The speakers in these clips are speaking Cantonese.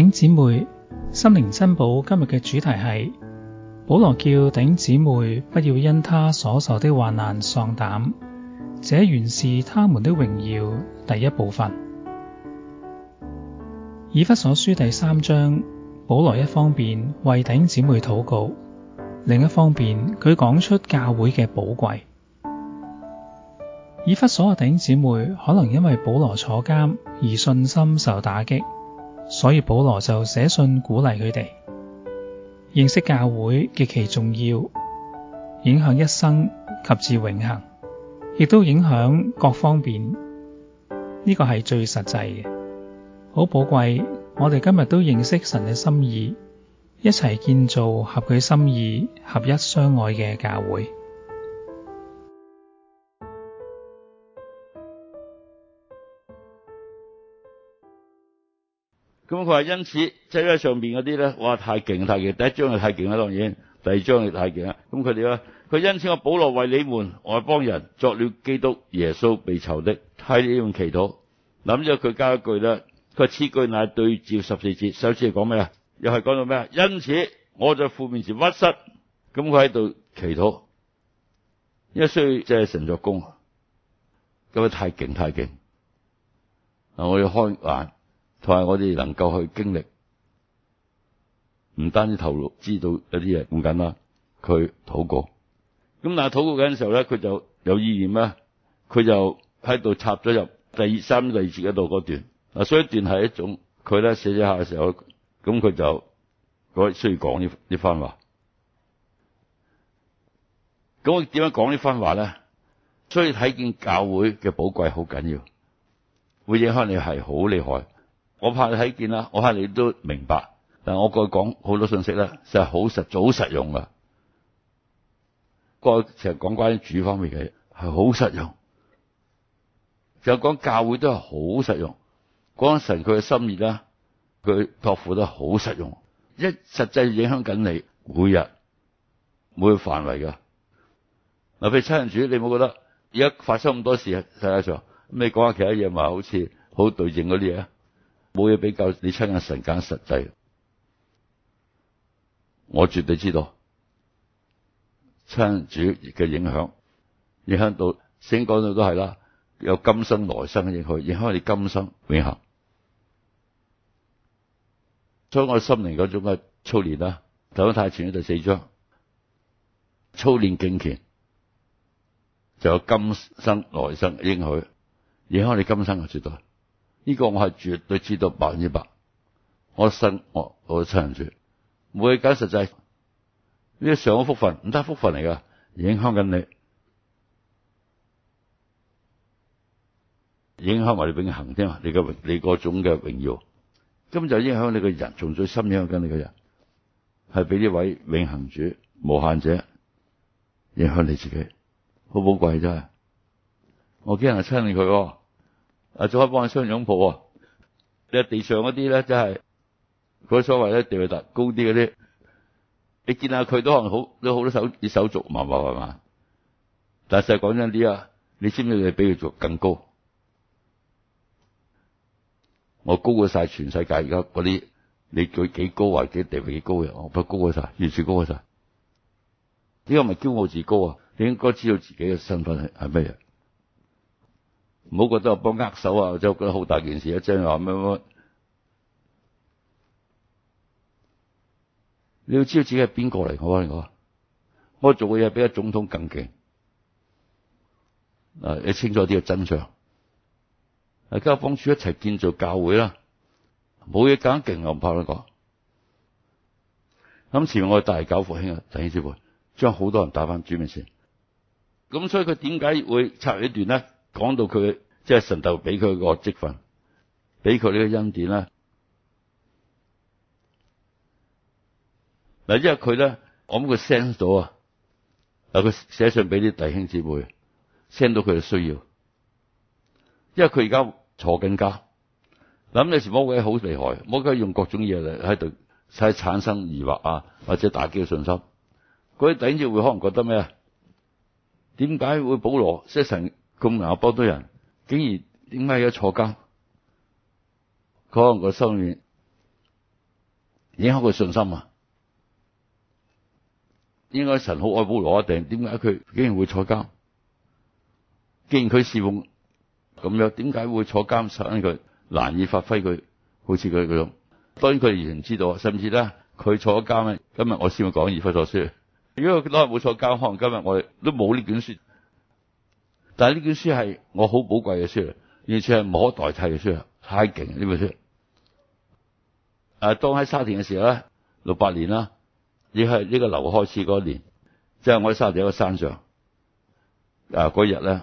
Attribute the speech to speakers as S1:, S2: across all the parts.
S1: 弟兄姊妹心靈珍寶今日嘅主題係保羅叫弟兄姊妹不要因他所受的患難喪膽，這原是他們的榮耀。第一部分以弗所書第三章，保羅一方面為弟兄姊妹禱告，另一方面佢講出教會嘅寶貴。以弗所嘅弟兄姊妹可能因為保羅坐監而信心受打擊。所以保羅就寫信鼓勵佢哋，認識教會極其重要，影響一生及至永恆，亦都影響各方面。呢個係最實際嘅，好寶貴。我哋今日都認識神嘅心意，一齊建造合佢心意、合一相愛嘅教會。咁佢話因此，即係上邊嗰啲咧，哇，太勁太勁，第一章又太勁啦，當然，第二章又太勁啦。咁佢哋咧，佢因此我保羅為你們外邦人作了基督耶穌被囚的，替你們祈禱。諗咗佢加一句咧，佢話此句乃對照十四節，首先係講咩啊？又係講到咩啊？因此我就在父面前屈膝，咁佢喺度祈禱，因為需要即係神作工，咁佢太勁太勁，嗱，我要開眼。同埋，我哋能夠去經歷，唔單止頭腦知道一啲嘢，咁緊啦。佢禱告，咁但係禱告嗰陣時候咧，佢就有意念呢，佢就喺度插咗入第三第二節度嗰段，所以一段係一種佢咧寫咗下嘅時候，咁佢就佢需要講呢呢番話。咁我點樣講呢番話咧？所以睇見教會嘅寶貴好緊要，會影響你係好厲害。我怕你睇見啦，我怕你都明白。但係我過講好多信息咧，就係好實、早實用噶。過去成日講關於主方面嘅嘢係好實用，就講教會都係好實用。講神佢嘅心意啦，佢托付得好實用，一實際影響緊你，每日每個範圍噶。嗱，譬如親人主，你冇覺得而家發生咁多事啊？世界上你講下其他嘢咪好似好對應嗰啲嘢？冇嘢比較，你親近神更實際，我絕對知道，親主嘅影響，影響到先講到都係啦，有今生來生嘅影響，影響你今生永恆。在我心靈嗰種嘅操練啦，提前嘅第四章，操練敬虔，就有今生來生應許，影響你今生嘅絕對。呢個我係絕對知道百分之百，我身，我信我我親人主，冇去解實際呢上個福份唔得福份嚟噶，影響緊你，影響埋你永恒添啊！你個你嗰種嘅榮耀，根本就影響你個人，仲最深影響緊你個人，係俾呢位永恒主無限者影響你自己，好寶貴真係，我驚人係親佢，哦。啊，仲可以幫人開商場鋪啊！即係地上嗰啲咧，真係嗰啲所謂咧地位特高啲嗰啲，你見下佢都可能好，都好多手，你手續麻麻係嘛？但係實講真啲啊，你知唔知我比佢仲更高？我高過晒全世界而家嗰啲，你舉幾高或者地位幾高嘅，我高過晒，完全高過晒。點解唔係驕傲自高啊！你應該知道自己嘅身份係係乜嘢。唔好覺得我幫握手啊，或者覺得好大件事啊！即係話咩咩？你要知道自己係邊個嚟，我同你講，我做嘅嘢比阿總統更勁。嗱、啊，你清楚啲嘅真相。阿加方處一齊建造教會啦，冇嘢咁勁，我唔怕你講。咁前面我大搞復興啊，弟兄姊妹，將好多人帶翻主面前。咁所以佢點解會拆段呢段咧？講到佢，即係神頭，俾佢個職分，俾佢呢個恩典啦。嗱，因為佢咧，我諗佢 send 咗啊，嗱，佢寫信俾啲弟兄姊妹，send 到佢嘅需要。因為佢而家坐緊家，諗你時，魔鬼好厲害，魔鬼用各種嘢嚟喺度，使產生疑惑啊，或者打擊嘅信心。嗰啲弟兄姊妹可能覺得咩啊？點解會保羅即係神？咁牙波多人竟然點解要坐監？可能個心軟影響佢信心啊！應該神好愛保羅啊？定點解佢竟然會坐監？既然佢侍奉咁樣，點解會坐監？使佢難以發揮佢好似佢咁樣。當然佢亦唔知道，甚至咧佢坐咗監咧，今日我先會講《以弗所書》。如果佢嗰日冇坐監，可能今日我哋都冇呢卷書。但係呢本書係我好寶貴嘅書，完全係無可代替嘅書，太勁呢本書。啊，當喺沙田嘅時候咧，六八年啦，亦係呢個樓開始嗰年，即係我喺沙田個山上，啊嗰日咧，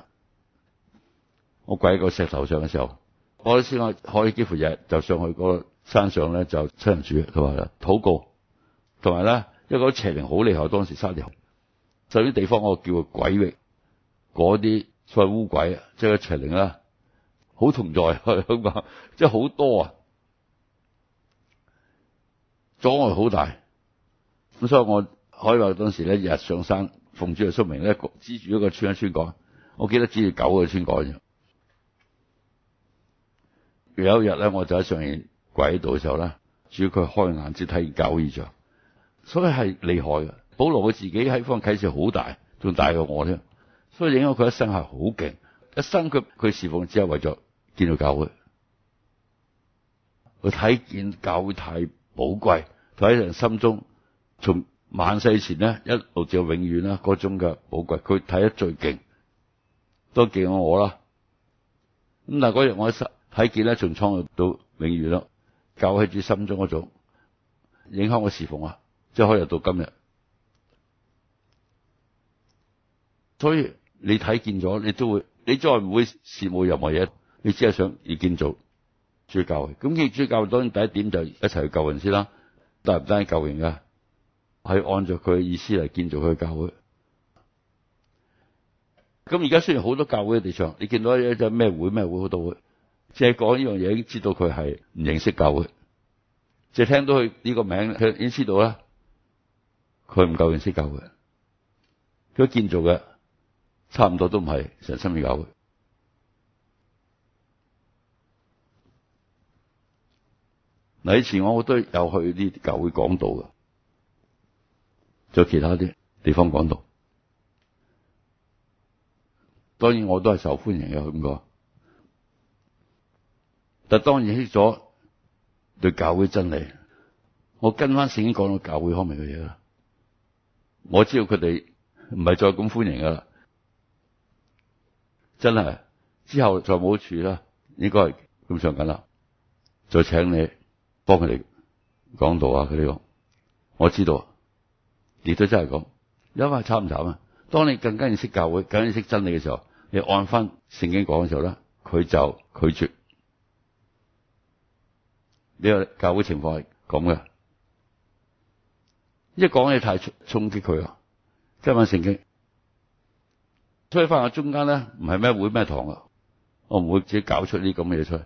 S1: 我跪喺個石頭上嘅時候，時我先可以幾乎日就上去那個山上咧就親主佢話啦禱告，同埋咧，因為嗰邪靈好厲害，當時沙田，就啲地方我叫鬼域，嗰啲。所謂烏鬼啊，即係邪靈啦，好同在咁講，即係好多啊，阻礙好大。咁所以我可以話當時咧，日日上山奉主耶穌名咧指住一個村一村講，我記得指住九個村講。有一日咧，我就喺上面跪喺度嘅時候咧，主要佢開眼只睇見個異象，所以係厲害嘅。保羅佢自己喺方啟示好大，仲大過我添。所以影響佢一生係好勁，一生佢佢侍奉只係為咗見到教會，佢睇見教會太寶貴，佢喺人心中從萬世前咧一路至到永遠啦嗰種嘅寶貴，佢睇得最勁，都勁過我啦。咁但嗰日我喺睇見咧從創立到永遠啦，教會喺心中嗰種影響我侍奉啊，即係可以到今日，所以。你睇見咗，你都會你再唔會羨慕任何嘢，你只係想要建造主教會。咁主教會當然第一點就一齊去救人先啦。但係唔單係救人㗎，係按照佢嘅意思嚟建造佢嘅教會。咁而家雖然好多教會嘅地場，你見到一隻咩會咩會好多會，即係講呢樣嘢已經知道佢係唔認識教會，即係聽到佢呢個名，佢已經知道啦。佢唔夠認識教會。佢建造嘅。差唔多都唔係神心面教會嗱。以前我好多有去啲教會講道噶，仲有其他啲地方講道。當然我都係受歡迎嘅咁個，但係當然呢咗對教會真理，我跟翻先講到教會方面嘅嘢啦。我知道佢哋唔係再咁歡迎噶啦。真係之後再冇處啦，應該係咁上緊啦，就請你幫佢哋講道啊！佢哋講，我知道，亦都真係咁。有冇係慘唔慘啊？當你更加認識教會、更加認識真理嘅時候，你按翻聖經講嘅時候咧，佢就拒絕。呢個教會情況係咁嘅，因為講嘢太衝擊佢啊，即係問聖經。推翻啊！中間咧唔係咩會咩堂啊！我唔會自己搞出呢啲咁嘅嘢出嚟。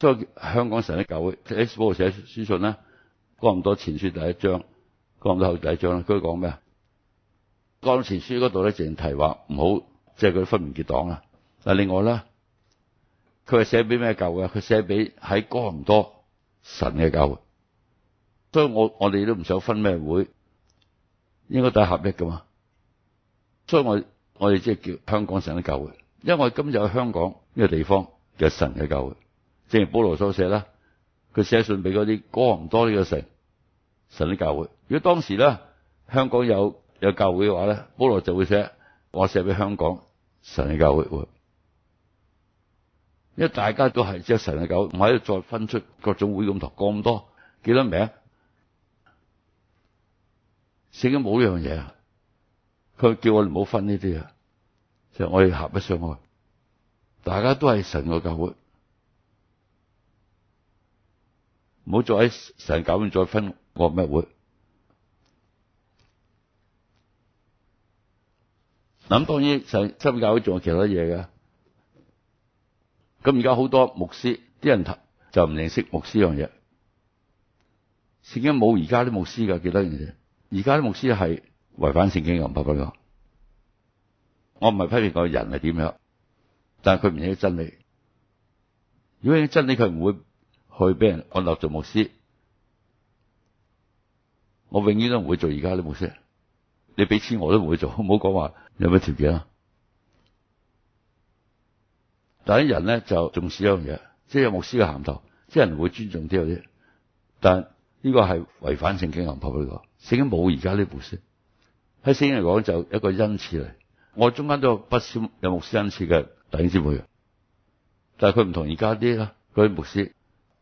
S1: 所以香港神嘅教會，保羅寫書信咧，哥林多前書第一章，哥林多後第一章咧，佢講咩啊？哥林多前書嗰度咧，淨提話唔好，即係佢分唔結黨啦。但另外咧，佢係寫俾咩教會？佢寫俾喺哥林多神嘅教會。所以我我哋都唔想分咩會，應該都係合力噶嘛。所以我。我哋即係叫香港神嘅教會，因為我哋今日喺香港呢個地方嘅神嘅教會，正如保羅所寫啦，佢寫信俾嗰啲哥林多呢個城神嘅教會。如果當時咧香港有有教會嘅話咧，保羅就會寫我寫俾香港神嘅教會，因為大家都係即係神嘅教會，唔喺度再分出各種會咁多咁多記得名，寫咗冇呢樣嘢啊！佢叫我哋唔好分呢啲啊，就我哋合不上去，大家都係神個教會，唔好再喺神教會再分我咩會。咁當然神教會仲有其他嘢噶，咁而家好多牧師啲人就唔認識牧師樣嘢，聖經冇而家啲牧師噶幾多樣嘢，而家啲牧師係。違反聖經嘅，唔怕批評佢。我唔係批評個人係點樣，但係佢唔理真理。如果真理佢唔會去俾人按立做牧師，我永遠都唔會做而家啲牧師。你俾錢我都唔會做。唔好講話有咩條件啊。但啲人咧就重視一樣嘢，即係有牧師嘅銜頭，即係人唔會尊重啲嘅。但呢個係違反聖經嘅，唔怕批評佢。聖經冇而家呢啲牧師。喺聖經嚟講就一個恩賜嚟，我中間都有不少有牧師恩賜嘅弟兄姊妹，但係佢唔同而家啲啦，佢牧師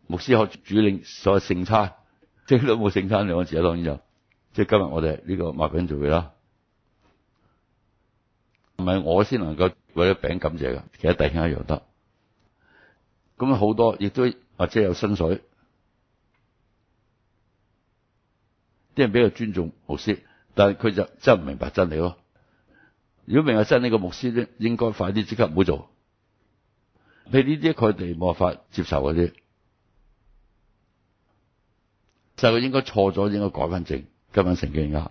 S1: 牧師可以主領所謂聖餐，即係都冇聖餐兩個字啦，自己當然就，即係今日我哋呢個麥餅聚會啦，唔係我先能夠為咗餅感謝嘅，其實弟兄一樣得，咁好多亦都或者有薪水，啲人比較尊重牧師。但係佢就真係唔明白真理咯。如果明白真理，嘅牧師咧應該快啲即刻唔好做。譬如呢啲佢哋冇辦法接受嗰啲，就係佢應該錯咗，應該改翻正，加翻成見額。